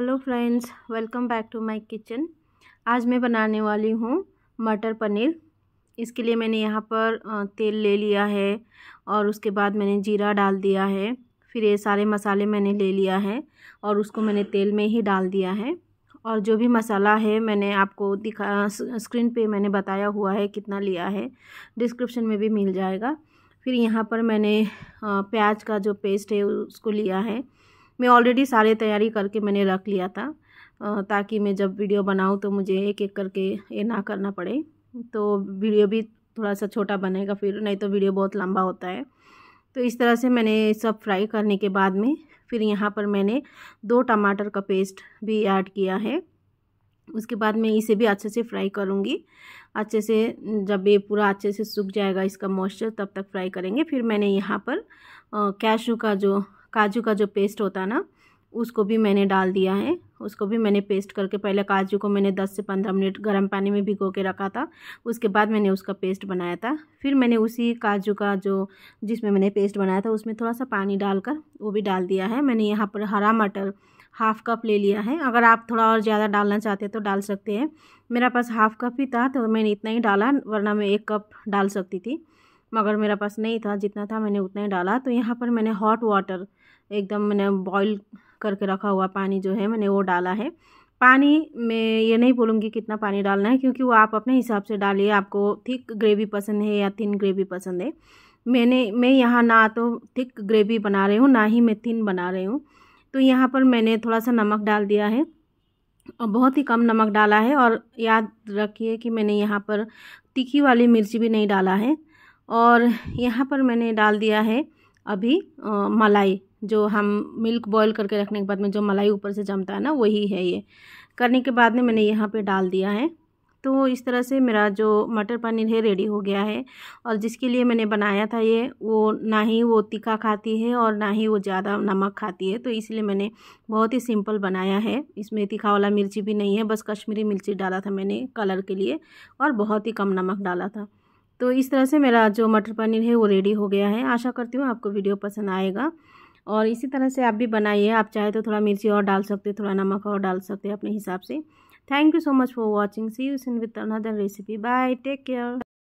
hello friends welcome back to my kitchen आज मैं बनाने वाली हूँ मटर पनीर इसके लिए मैंने यहाँ पर तेल ले लिया है और उसके बाद मैंने जीरा डाल दिया है फिर ये सारे मसाले मैंने ले लिया है और उसको मैंने तेल में ही डाल दिया है और जो भी मसाला है मैंने आपको दिखा स्क्रीन पे मैंने बताया हुआ है कितना लिया है डिस्क्रिप्शन में भी मिल जाएगा फिर यहाँ पर मैंने प्याज का जो पेस्ट है उसको लिया है मैं ऑलरेडी सारे तैयारी करके मैंने रख लिया था ताकि मैं जब वीडियो बनाऊँ तो मुझे एक एक करके ये ना करना पड़े तो वीडियो भी थोड़ा सा छोटा बनेगा फिर नहीं तो वीडियो बहुत लंबा होता है तो इस तरह से मैंने सब फ्राई करने के बाद में फिर यहाँ पर मैंने दो टमाटर का पेस्ट भी ऐड किया है उसके बाद मैं इसे भी अच्छे से फ्राई करूँगी अच्छे से जब ये पूरा अच्छे से सूख जाएगा इसका मॉइस्चर तब तक फ्राई करेंगे फिर मैंने यहाँ पर कैशू का जो काजू का जो पेस्ट होता है ना उसको भी मैंने डाल दिया है उसको भी मैंने पेस्ट करके पहले काजू को मैंने 10 से 15 मिनट गर्म पानी में भिगो के रखा था उसके बाद मैंने उसका पेस्ट बनाया था फिर मैंने उसी काजू का जो जिसमें मैंने पेस्ट बनाया था उसमें थोड़ा सा पानी डालकर वो भी डाल दिया है मैंने यहाँ पर हरा मटर हाफ़ कप ले लिया है अगर आप थोड़ा और ज़्यादा डालना चाहते हैं तो डाल सकते हैं मेरा पास हाफ़ कप ही था तो मैंने इतना ही डाला वरना मैं एक कप डाल सकती थी मगर मेरा पास नहीं था जितना था मैंने उतना ही डाला तो यहाँ पर मैंने हॉट वाटर एकदम मैंने बॉईल करके रखा हुआ पानी जो है मैंने वो डाला है पानी मैं ये नहीं बोलूँगी कितना पानी डालना है क्योंकि वो आप अपने हिसाब से डालिए आपको थिक ग्रेवी पसंद है या थिन ग्रेवी पसंद है मैंने मैं यहाँ ना तो थिक ग्रेवी बना रही हूँ ना ही मैं थिन बना रही हूँ तो यहाँ पर मैंने थोड़ा सा नमक डाल दिया है और बहुत ही कम नमक डाला है और याद रखिए कि मैंने यहाँ पर तीखी वाली मिर्ची भी नहीं डाला है और यहाँ पर मैंने डाल दिया है अभी आ, मलाई जो हम मिल्क बॉईल करके रखने के बाद में जो मलाई ऊपर से जमता है ना वही है ये करने के बाद में मैंने यहाँ पे डाल दिया है तो इस तरह से मेरा जो मटर पनीर है रेडी हो गया है और जिसके लिए मैंने बनाया था ये वो ना ही वो तीखा खाती है और ना ही वो ज़्यादा नमक खाती है तो इसलिए मैंने बहुत ही सिंपल बनाया है इसमें तीखा वाला मिर्ची भी नहीं है बस कश्मीरी मिर्ची डाला था मैंने कलर के लिए और बहुत ही कम नमक डाला था तो इस तरह से मेरा जो मटर पनीर है वो रेडी हो गया है आशा करती हूँ आपको वीडियो पसंद आएगा और इसी तरह से आप भी बनाइए आप चाहे तो थोड़ा मिर्ची और डाल सकते थोड़ा नमक और डाल सकते अपने हिसाब से thank you so much for watching see you soon with another recipe bye take care